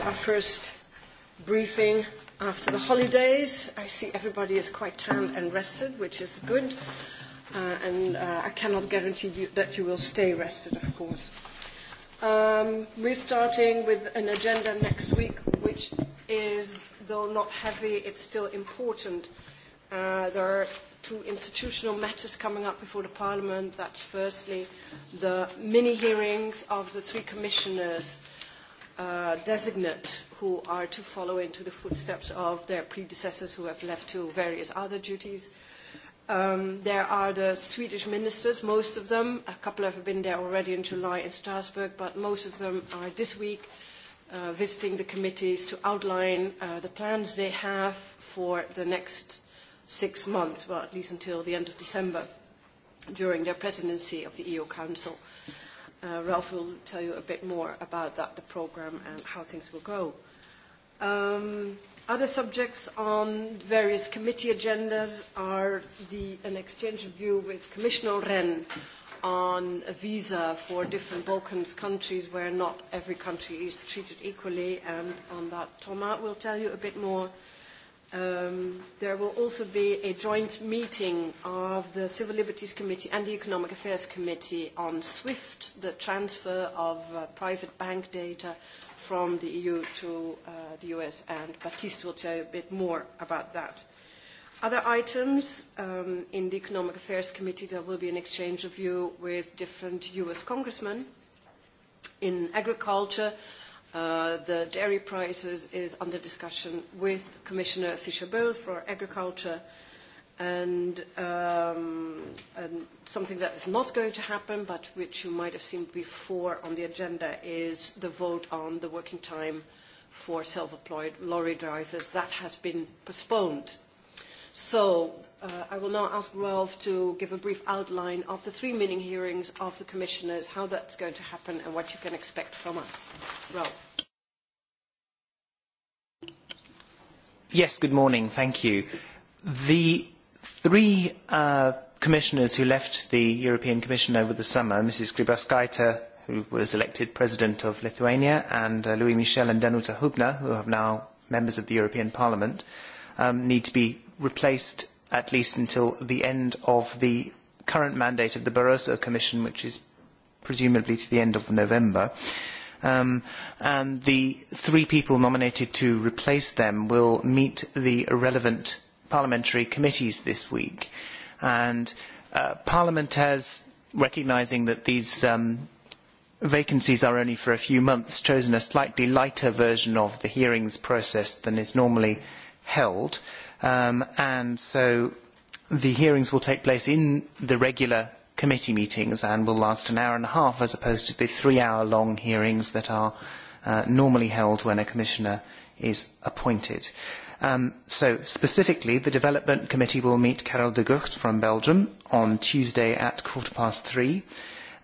our first briefing after the holidays. I see everybody is quite tanned and rested, which is good. And I cannot guarantee you that you will stay rested, of course. We're starting with an agenda next week, which is, though not heavy, it's still important. There are two institutional matters coming up before the Parliament. That's firstly the mini-hearings of the three commissioners designate who are to follow into the footsteps of their predecessors who have left to various other duties. There are the Swedish ministers, most of them. A couple have been there already in July in Strasbourg, but most of them are this week visiting the committees to outline the plans they have for the next six months, well, at least until the end of December, during their presidency of the EU Council. Ralph will tell you a bit more about that, the program, and how things will go. Other subjects on various committee agendas are the an exchange of view with Commissioner Ren on a visa for different Balkans countries where not every country is treated equally, and on that Thomas will tell you a bit more. There will also be a joint meeting of the Civil Liberties Committee and the Economic Affairs Committee on SWIFT, the transfer of private bank data from the EU to the US, and Baptiste will tell you a bit more about that. Other items in the Economic Affairs Committee, there will be an exchange of view with different US congressmen in agriculture. The dairy prices is under discussion with Commissioner Fischer-Boel for agriculture, and something that is not going to happen, but which you might have seen before on the agenda, is the vote on the working time for self-employed lorry drivers. That has been postponed. So I will now ask Ralph to give a brief outline of the three meeting hearings of the commissioners, how that's going to happen and what you can expect from us. Ralph. Yes, good morning. Thank you. The three commissioners who left the European Commission over the summer, Mrs. Grybauskaite, who was elected President of Lithuania, and Louis Michel and Danuta Hubner, who are now members of the European Parliament, need to be replaced at least until the end of the current mandate of the Barroso Commission, which is presumably to the end of November. And the three people nominated to replace them will meet the relevant parliamentary committees this week. And Parliament has, recognising that these vacancies are only for a few months, chosen a slightly lighter version of the hearings process than is normally held And so the hearings will take place in the regular committee meetings and will last an hour and a half as opposed to the three-hour-long hearings that are normally held when a commissioner is appointed. So specifically, the Development Committee will meet Carol de Gucht from Belgium on Tuesday at quarter past three,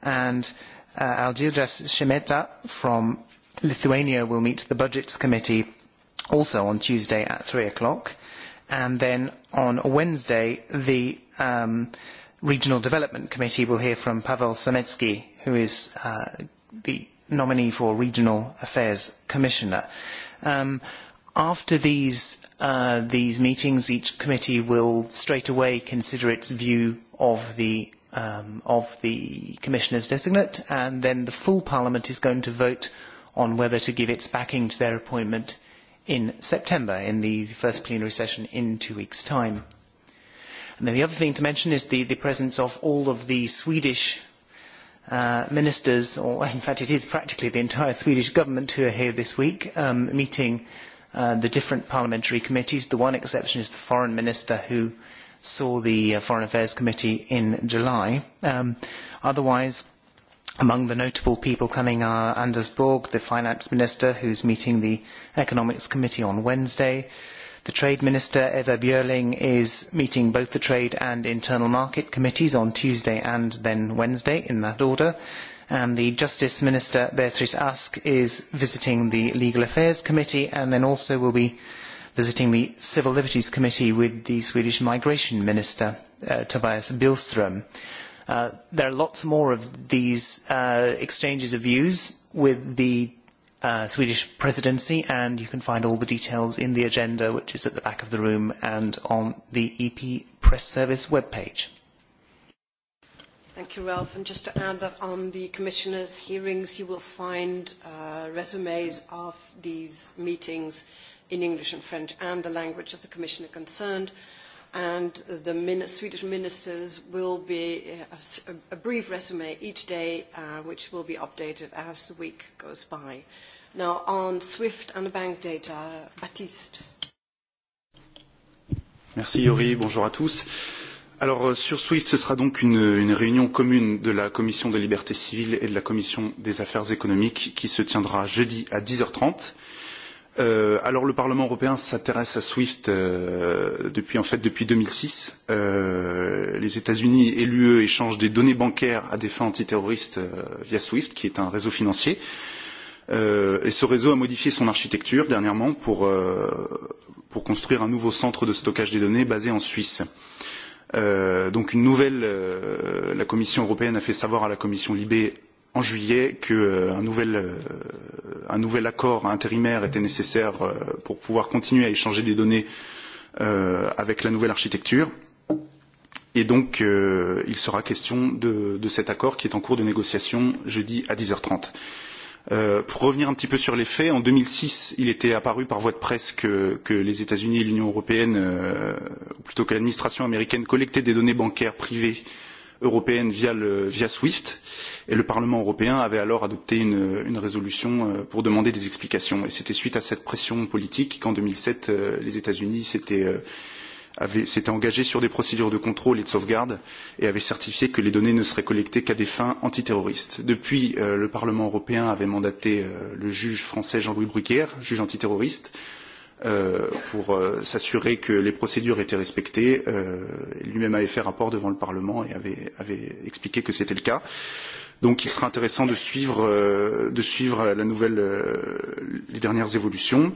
and Algirdas Shemeta from Lithuania will meet the Budgets Committee also on Tuesday at three o'clock and then on Wednesday the Regional Development Committee will hear from Pavel Sametsky, who is the nominee for Regional Affairs Commissioner. After these these meetings, each committee will straight away consider its view of the of the commissioners designate, and then the full Parliament is going to vote on whether to give its backing to their appointment in September, in the first plenary session in two weeks' time. And then the other thing to mention is the presence of all of the Swedish ministers, or in fact it is practically the entire Swedish government who are here this week, meeting the different parliamentary committees. The one exception is the foreign minister who saw the Foreign Affairs Committee in July. Otherwise, Among the notable people coming are Anders Borg, the Finance Minister, who's meeting the Economics Committee on Wednesday. The Trade Minister, Eva Björling, is meeting both the Trade and Internal Market Committees on Tuesday and then Wednesday, in that order. And the Justice Minister, Beatrice Ask, is visiting the Legal Affairs Committee and then also will be visiting the Civil Liberties Committee with the Swedish Migration Minister, Tobias Billström. There are lots more of these exchanges of views with the Swedish presidency, and you can find all the details in the agenda, which is at the back of the room and on the EP Press Service webpage. Thank you, Ralph. And just to add that on the commissioners' hearings, you will find resumes of these meetings in English and French and the language of the commissioner concerned and the Swedish ministers will be a brief resume each day, which will be updated as the week goes by. Now, on SWIFT and the bank data, Baptiste. Merci, Yori. Bonjour à tous. Alors, sur SWIFT, ce sera donc une réunion commune de la Commission des libertés civiles et de la Commission des affaires économiques qui se tiendra jeudi à 10h30. Alors le Parlement européen s'intéresse à SWIFT depuis en fait depuis 2006. Les États-Unis et l'UE échangent des données bancaires à des fins antiterroristes via SWIFT, qui est un réseau financier. Et ce réseau a modifié son architecture dernièrement pour pour construire un nouveau centre de stockage des données basé en Suisse. Donc une nouvelle, la Commission européenne a fait savoir à la Commission Libé en juillet qu'un nouvel accord intérimaire était nécessaire pour pouvoir continuer à échanger des données avec la nouvelle architecture. Et donc, il sera question de cet accord qui est en cours de négociation jeudi à 10h30. Pour revenir un petit peu sur les faits, en 2006, il était apparu par voie de presse que les États-Unis et l'Union européenne, ou plutôt que l'administration américaine, collectaient des données bancaires privées européenne via SWIFT. Et le Parlement européen avait alors adopté une résolution pour demander des explications. Et c'était suite à cette pression politique qu'en 2007, les États-Unis s'étaient engagés sur des procédures de contrôle et de sauvegarde et avaient certifié que les données ne seraient collectées qu'à des fins antiterroristes. Depuis, le Parlement européen avait mandaté le juge français Jean-Louis Bruguière, juge antiterroriste, pour s'assurer que les procédures étaient respectées. Lui-même avait fait rapport devant le Parlement et avait expliqué que c'était le cas. Donc il sera intéressant de suivre, de suivre la nouvelle, les dernières évolutions.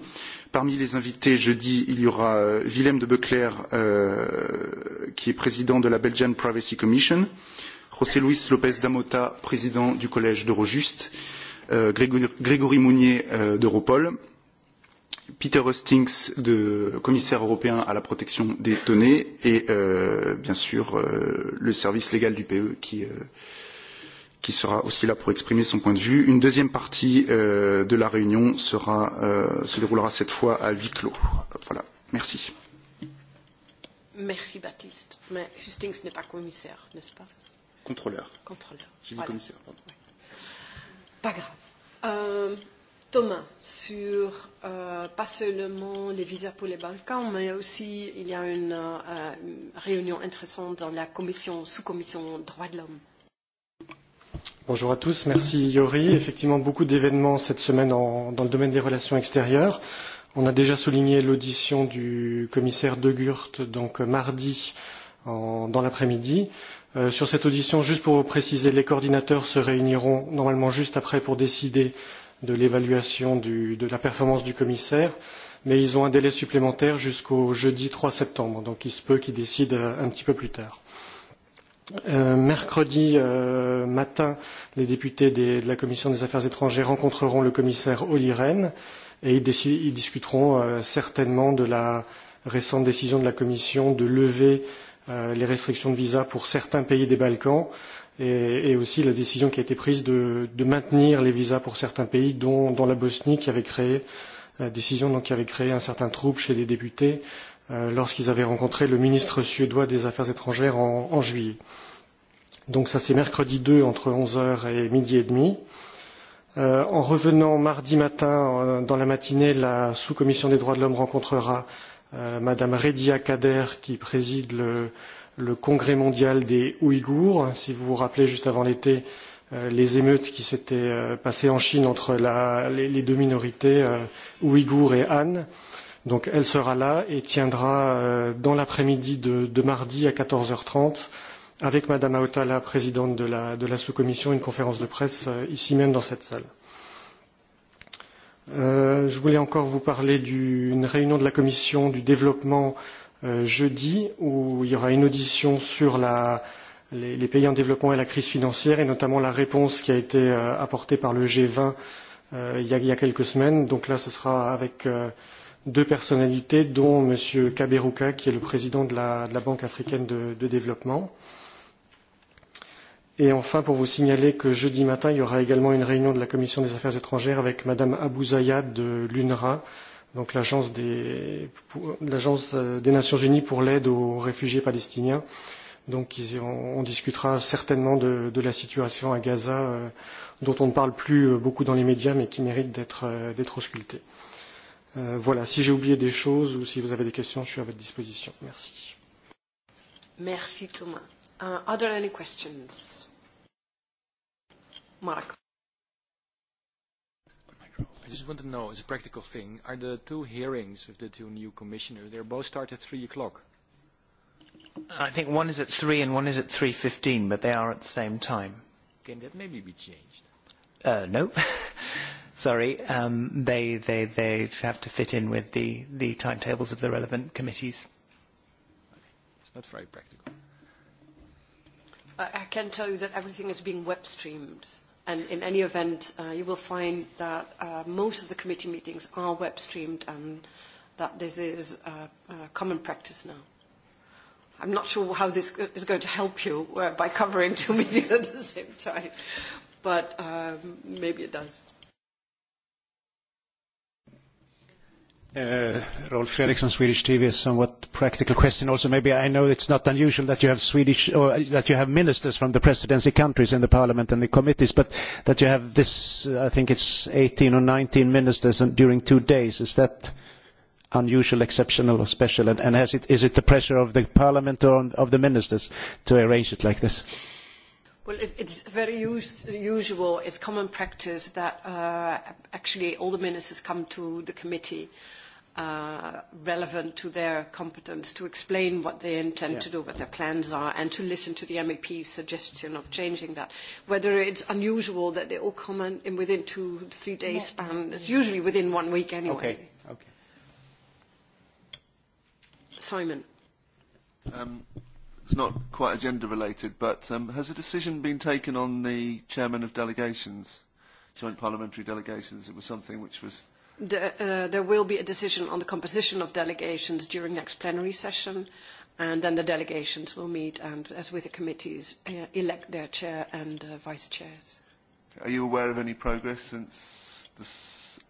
Parmi les invités, jeudi, il y aura Willem de Beclerc, qui est président de la Belgian Privacy Commission, José Luis López Damota, président du collège d'Eurojust, Grégory Mounier d'Europol, Peter Hustings, de commissaire européen à la protection des données, et euh, bien sûr le service légal du PE qui qui sera aussi là pour exprimer son point de vue. Une deuxième partie de la réunion sera, se déroulera cette fois à huis clos. Voilà, merci. Merci Baptiste. Mais Hustings n'est pas commissaire, n'est-ce pas Contrôleur. Contrôleur. J'ai dit commissaire, pardon. Pas grave. Thomas sur pas seulement les visas pour les Balkans, mais aussi il y a une réunion intéressante dans la commission, sous-commission droits de l'homme. Bonjour à tous, merci Yori. Effectivement, beaucoup d'événements cette semaine dans le domaine des relations extérieures. On a déjà souligné l'audition du commissaire De Gucht, donc mardi dans l'après-midi. Sur cette audition, juste pour vous préciser, les coordinateurs se réuniront normalement juste après pour décider de l'évaluation de la performance du commissaire, mais ils ont un délai supplémentaire jusqu'au jeudi 3 septembre, donc il se peut qu'ils décident un petit peu plus tard. Mercredi matin, les députés de la Commission des affaires étrangères rencontreront le commissaire Olli Rehn et ils discuteront certainement de la récente décision de la Commission de lever les restrictions de visa pour certains pays des Balkans et aussi la décision qui a été prise de maintenir les visas pour certains pays, dont la Bosnie, qui avait créé décision qui avait créé un certain trouble chez les députés lorsqu'ils avaient rencontré le ministre suédois des Affaires étrangères en juillet. Donc ça c'est mercredi 2 entre 11h et midi et demi. En revenant mardi matin, dans la matinée, la sous-commission des droits de l'homme rencontrera Madame Redia Kader, qui préside le le congrès mondial des Ouïghours. Si vous vous rappelez, juste avant l'été, les émeutes qui s'étaient passées en Chine entre les deux minorités, Ouïghours et Han. Donc elle sera là et tiendra dans l'après-midi de mardi à 14h30 avec Madame la présidente de la sous-commission, une conférence de presse ici même dans cette salle. Je voulais encore vous parler d'une réunion de la commission du développement jeudi où il y aura une audition sur les pays en développement et la crise financière et notamment la réponse qui a été apportée par le G20 il y a quelques semaines. Donc là, ce sera avec deux personnalités, dont M. Kaberuka, qui est le président de la Banque africaine de développement. Et enfin, pour vous signaler que jeudi matin, il y aura également une réunion de la Commission des affaires étrangères avec Mme Zayad de l'UNRWA donc l'agence des l'agence des Nations Unies pour l'aide aux réfugiés palestiniens. Donc on discutera certainement de de la situation à Gaza dont on ne parle plus beaucoup dans les médias mais qui mérite d'être d'être auscultée. Voilà, si j'ai oublié des choses ou si vous avez des questions, je suis à votre disposition. Merci. Merci Thomas. Are there any questions? Marco. I just want to know, as a practical thing, are the two hearings of the two new commissioners, they both start at 3 o'clock? I think one is at 3 and one is at 3.15, but they are at the same time. Can that maybe be changed? no. Sorry. Um, they, they, they have to fit in with the, the timetables of the relevant committees. It's not very practical. I can tell you that everything is being web streamed And in any event, you will find that most of the committee meetings are web streamed and that this is common practice now. I'm not sure how this is going to help you by covering two meetings at the same time, but maybe it does. Rolf Eriksson, Swedish TV. A somewhat practical question also. Maybe I know it's not unusual that you have Swedish or that you have ministers from the presidency countries in the parliament and the committees, but that you have this, I think it's 18 or 19 ministers during two days. Is that unusual, exceptional or special? And is it the pressure of the parliament or of the ministers to arrange it like this? Well, is very usual. It's common practice that actually all the ministers come to the committee relevant to their competence to explain what they intend to do, what their plans are, and to listen to the MEP's suggestion of changing that. Whether it's unusual that they all come in within two, three days span, it's usually within one week anyway. Okay, okay. Simon. It's not quite agenda-related, but has a decision been taken on the chairman of delegations, joint parliamentary delegations? It was something which was There will be a decision on the composition of delegations during next plenary session, and then the delegations will meet and, as with the committees, elect their chair and vice chairs. Are you aware of any progress since this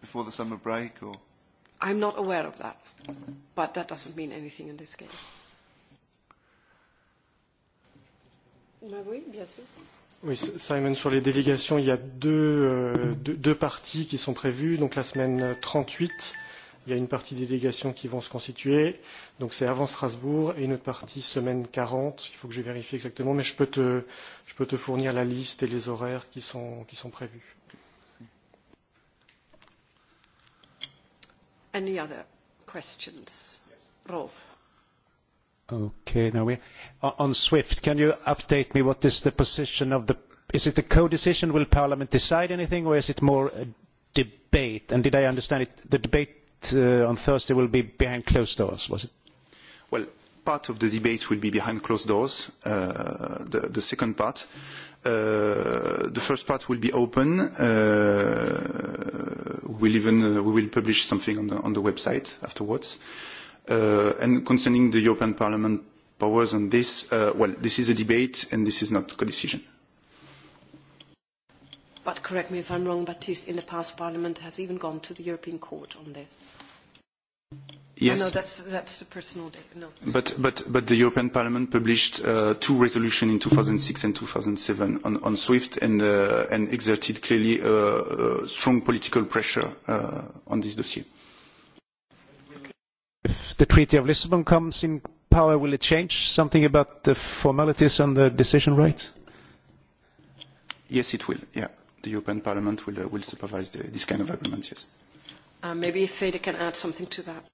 before the summer break, or? I'm not aware of that, but that doesn't mean anything in this case. Oui, bien sûr. Oui, Simon, sur les délégations, il y a deux parties qui sont prévues. Donc la semaine 38, il y a une partie des délégations qui vont se constituer. Donc c'est avant Strasbourg et une autre partie semaine 40. Il faut que je vérifie exactement, mais je peux te fournir la liste et les horaires qui sont prévus. Any other questions? Rolf. Okay, now we on SWIFT. Can you update me? What is the position of the? Is it a co-decision? Will Parliament decide anything, or is it more a debate? And did I understand it? The debate on Thursday will be behind closed doors, was it? Well, part of the debate will be behind closed doors. The second part, the first part will be open. We will even we will publish something on the website afterwards. And concerning the European Parliament powers on this, well, this is a debate and this is not a decision But correct me if I'm wrong, Baptiste, in the past Parliament has even gone to the European Court on this. Yes. No, that's that's the personal no. But but but the European Parliament published two resolutions in 2006 and 2007 on on SWIFT and and exerted clearly strong political pressure on this dossier the Treaty of Lisbon comes in power, will it change something about the formalities and the decision rights? Yes, it will. Yeah, the European Parliament will supervise this kind of agreement. Yes. Maybe Fede can add something to that.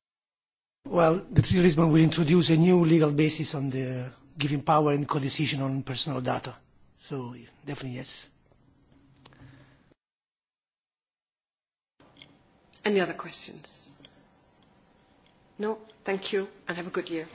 Well, the Treaty of Lisbon will introduce a new legal basis on the giving power and co-decision on personal data. So definitely yes. Any other questions? No, thank you and have a good year.